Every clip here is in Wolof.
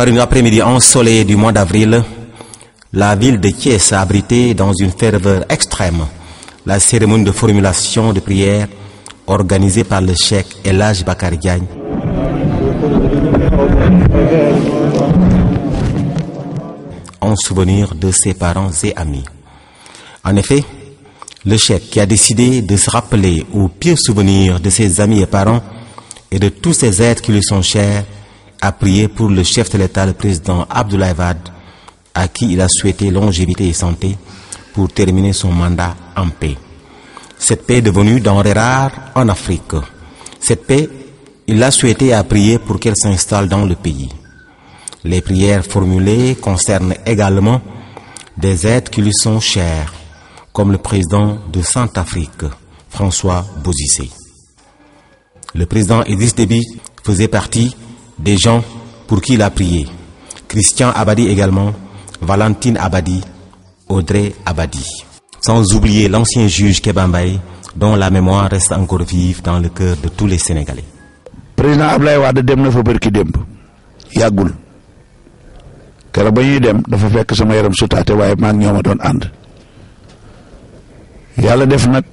Par une après-midi ensoleillée du mois d'avril, la ville de Thiès a abrité dans une ferveur extrême la cérémonie de formulation de prière organisée par le cheikh El Hadj Bakar Diagne. En souvenir de ses parents et amis. En effet, le cheikh qui a décidé de se rappeler aux pieux souvenirs de ses amis et parents et de tous ces êtres qui lui sont chers a prié pour le chef de l'État, le président Abdoulaye Wade, à qui il a souhaité longévité et santé pour terminer son mandat en paix. Cette paix est devenue denrée rare en Afrique. Cette paix, il l'a souhaité et a prié pour qu'elle s'installe dans le pays. Les prières formulées concernent également des êtres qui lui sont chers, comme le président de Centrafrique, François Bozissé. Le président Idriss faisait partie des gens pour qui il a prié. Christian Abadi également, Valentine Abadi, Audrey Abadi. Sans oublier l'ancien juge Kebambaye, dont la mémoire reste encore vive dans le cœur de tous les Sénégalais. président Ablaye Wade dem na fa bërki démb yàggul keroog ba ñuy dem dafa fekk sama yaram sutaate waaye maa ngi a doon ànd yàlla def nag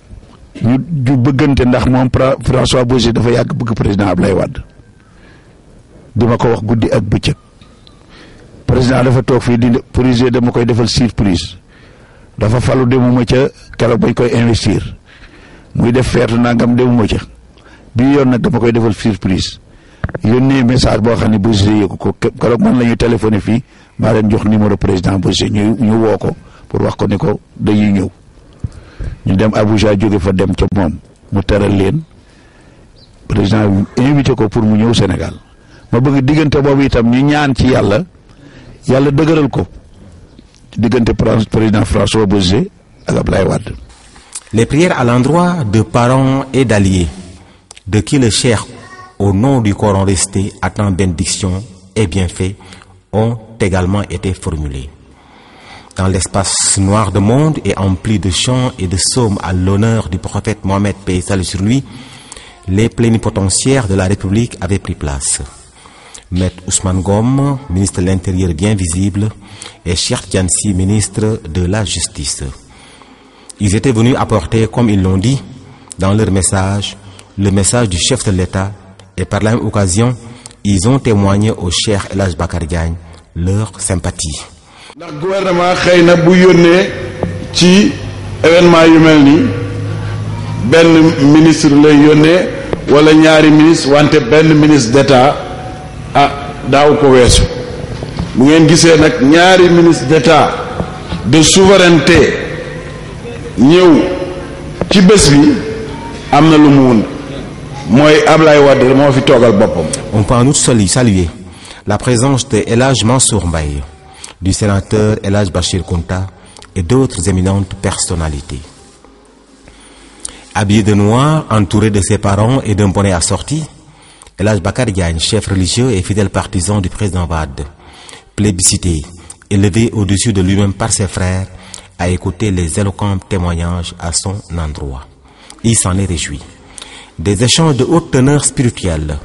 ñu ñu bëggante ndax moom François Bozé dafa yàgg bëgg président lay Wade. di ma ko wax guddi ak bëccëg président dafa toog fii di projet dama koy defal surprise dafa falu demuma ca keroog bañ koy investir muy def feetu nangam demuma ca bii yoon nag dama koy defal surprise yónnee message boo xam ne Boucher yëgu ko keroog man la ñuy téléphoné fii maa leen jox numéro président Boucher ñu ñu woo ko pour wax ko ne ko dañuy ñëw ñu dem Abuja jóge fa dem ca moom mu teral leen président invité ko pour mu ñëw Sénégal ma bëgg diggante boobu itam ñu ñaan ci yàlla yàlla dëgëral ko diggante président François Bozé ak Ablaye Wade. Les prières à l'endroit de parents et d'alliés de qui le Cheikh au nom du Coran resté attend bénédiction et bienfait ont également été formulées. Dans l'espace noir de monde et empli de chants et de psaumes à l'honneur du prophète Mohammed paix sur lui, les plénipotentiaires de la République avaient pris place. Maître Ousmane Gom, ministre de l'Intérieur bien visible, et Cheikh Tiansi, ministre de la Justice. Ils étaient venus apporter, comme ils l'ont dit, dans leur message, le message du chef de l'État, et par la même occasion, ils ont témoigné au Cheikh El Bakar Diagne leur sympathie. ndax gouvernement xëy na bu yónnee ci événement yu mel nii benn ministre lay yónnee wala ñaari ministre wante benn ministre d'État. daaw ko weesu bu ngeen gisee nag ñaari ministre d'état de souveraineté ñëw ci bés bi am na lu mu mooy Ablaye Wade moo fi toogal boppam. On peut en outre saluer la présence de El Hadj Mansour Mbaye, du sénateur El Hadj Bachir Kounta et d'autres éminentes personnalités. Habillé de noir, entouré de ses parents et d'un bonnet assorti, El Hadj Bakar Diagne chef religieux et fidèle partisan du président Wade plébiscité élevé au-dessus de lui-même par ses frères a écouté les éloquents témoignages à son endroit il s'en est réjoui des échanges de haute teneur spirituelle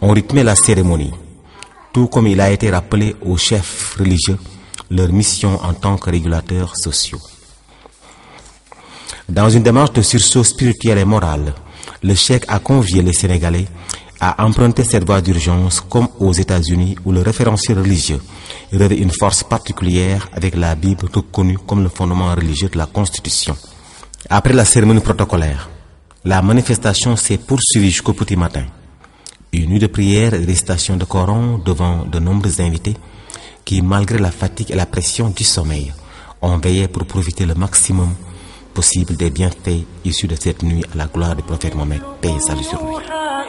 ont rythmé la cérémonie tout comme il a été rappelé aux chefs religieux leur mission en tant que régulateurs sociaux dans une démarche de sursaut spirituel et moral le cheikh a convié les Sénégalais à emprunter cette voie d'urgence comme aux États-Unis où le référentiel religieux revêt une force particulière avec la Bible reconnue comme le fondement religieux de la Constitution. Après la cérémonie protocolaire, la manifestation s'est poursuivie jusqu'au petit matin. Une nuit de prière et de récitation de Coran devant de nombreux invités qui, malgré la fatigue et la pression du sommeil, ont veillé pour profiter le maximum possible des bienfaits issus de cette nuit à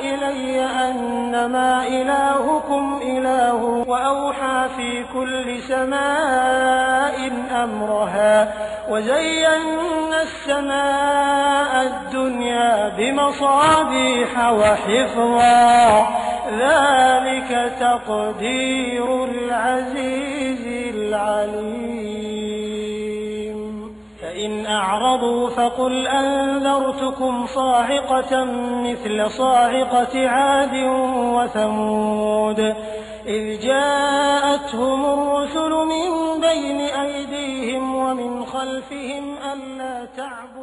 إلي أنما إلهكم إله وأوحى في كل سماء أمرها وزينا السماء الدنيا بمصابيح وحفظا ذلك تقدير العزيز العليم فإن أعرضوا فقل أنذرتكم صاعقة مثل صاعقة عاد وثمود إذ جاءتهم الرسل من بين أيديهم ومن خلفهم ألا تعبدوا